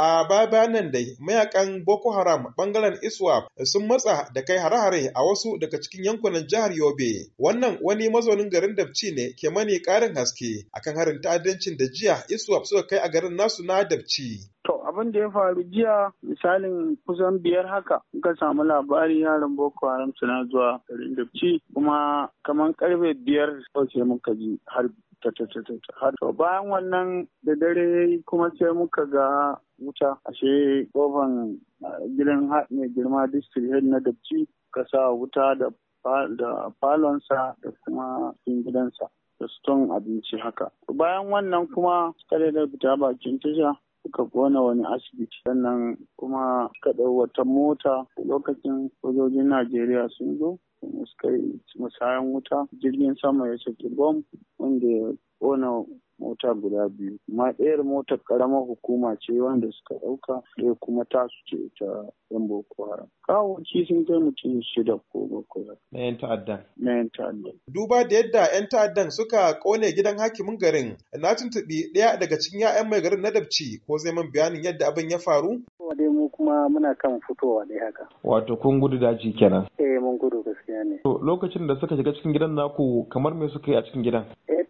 A baya nan dai mayakan Boko Haram bangaren Iswap sun matsa da kai hare-hare a wasu daga cikin yankunan jihar Yobe. Wannan wani mazaunin garin Dabci ne ke mani ƙarin haske akan harin ta'addancin da jiya Iswap suka kai a garin nasu na Dabci. abin da ya faru jiya misalin kusan biyar haka muka samu labari yaran boko haram suna zuwa garin dabci kuma kamar karfe biyar sai muka ji harbi bayan wannan da dare kuma sai muka ga wuta ashe kofan gidan mai girma district head na dabci sa wuta da falonsa da kuma gidansa da suton abinci haka bayan wannan kuma kare da fita bakin tasha suka kona wani asibiti sannan kuma suka wata mota lokacin sojojin najeriya sun zo suka yi musayan wuta jirgin sama ya saki bom wanda ya kona mota guda biyu kuma ɗayar motar karamar hukuma ce wanda suka ɗauka ɗaya kuma tasu ce ta yan boko haram ci sun kai mutum shida ko bakwai na yan ta'adda na yan ta'adda duba da yadda yan ta'addan suka kone gidan hakimin garin na tuntuɓi ɗaya daga cikin 'ya'yan mai garin na dabci ko zai man bayanin yadda abin ya faru dai mu kuma muna kan fitowa ne haka. Wato kun gudu daji kenan? Eh mun gudu gaskiya ne. To lokacin da suka shiga cikin gidan naku kamar me suka yi a cikin gidan? Eh,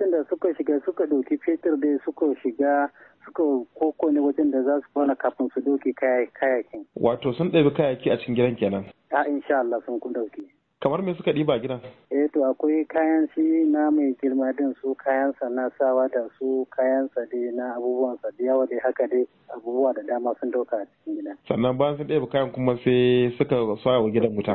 lokacin da suka shiga suka ɗauki fetur dai suka shiga suka koko ne wajen da za su bana kafin su doki kayakin. Wato sun ɗabi kayaki a cikin gidan kenan? A ah, insha Allah sun kun ɗauki. Kamar me suka ɗiba gidan? eh to akwai kayan shi na mai girma din su kayan sa na sawa da su sa dai na abubuwan sa, da yawa dai haka dai abubuwa da dama sun dauka a cikin gida sannan bayan sun ɗaya kayan kuma sai suka sa wa gidan wuta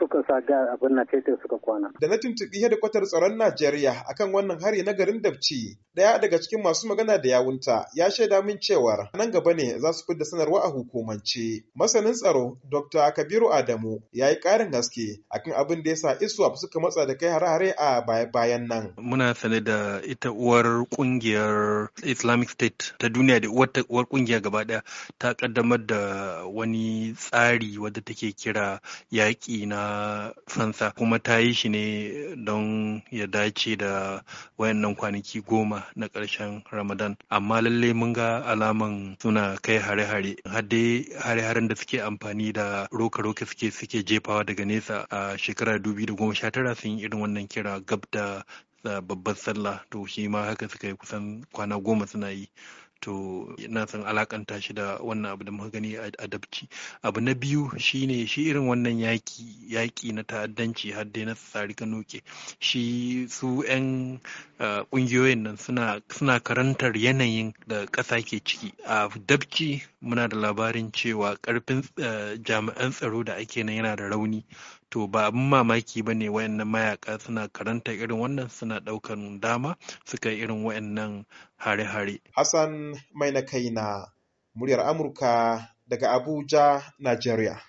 suka sa ga abin na kai suka kwana da na tuntuɓi hedikwatar tsaron najeriya akan wannan hari na garin dabci ɗaya daga cikin masu magana da yawunta ya shaida min cewar nan gaba ne za su fidda sanarwa a hukumance masanin tsaro dr kabiru adamu ya yi ƙarin haske akan abin da ya sa iswap suka matsa da kai hare-hare a bayan nan. Muna sane da ita uwar kungiyar Islamic State ta duniya da uwar kungiya gaba daya ta kaddamar da wani tsari wadda take kira yaƙi na fansa kuma ta yi shi ne don ya dace da wayannan kwanaki goma na ƙarshen Ramadan. Amma lalle mun ga alaman suna kai hare-hare. Hadde hare-haren da suke amfani da roka-roka suke suke jefawa daga nesa a shekarar 2019 sun yin irin wannan kira gab da babbar sallah to shi ma haka suka yi kusan kwana goma suna yi to ina son alakanta shi da wannan abu da muka gani a dabci abu na biyu shine shi irin wannan yaki yaki na ta'addanci har dai na tsari ka noke shi su yan kungiyoyin nan suna karantar yanayin da ƙasa ke ciki a dabci muna da labarin cewa karfin jami'an tsaro da ake nan yana da rauni to ba abin mamaki ba ne wayannan mayaka suna karanta irin wannan suna ɗaukan dama suka irin wayannan hare-hare. Hassan mai na kai na muryar Amurka daga Abuja, Najeriya.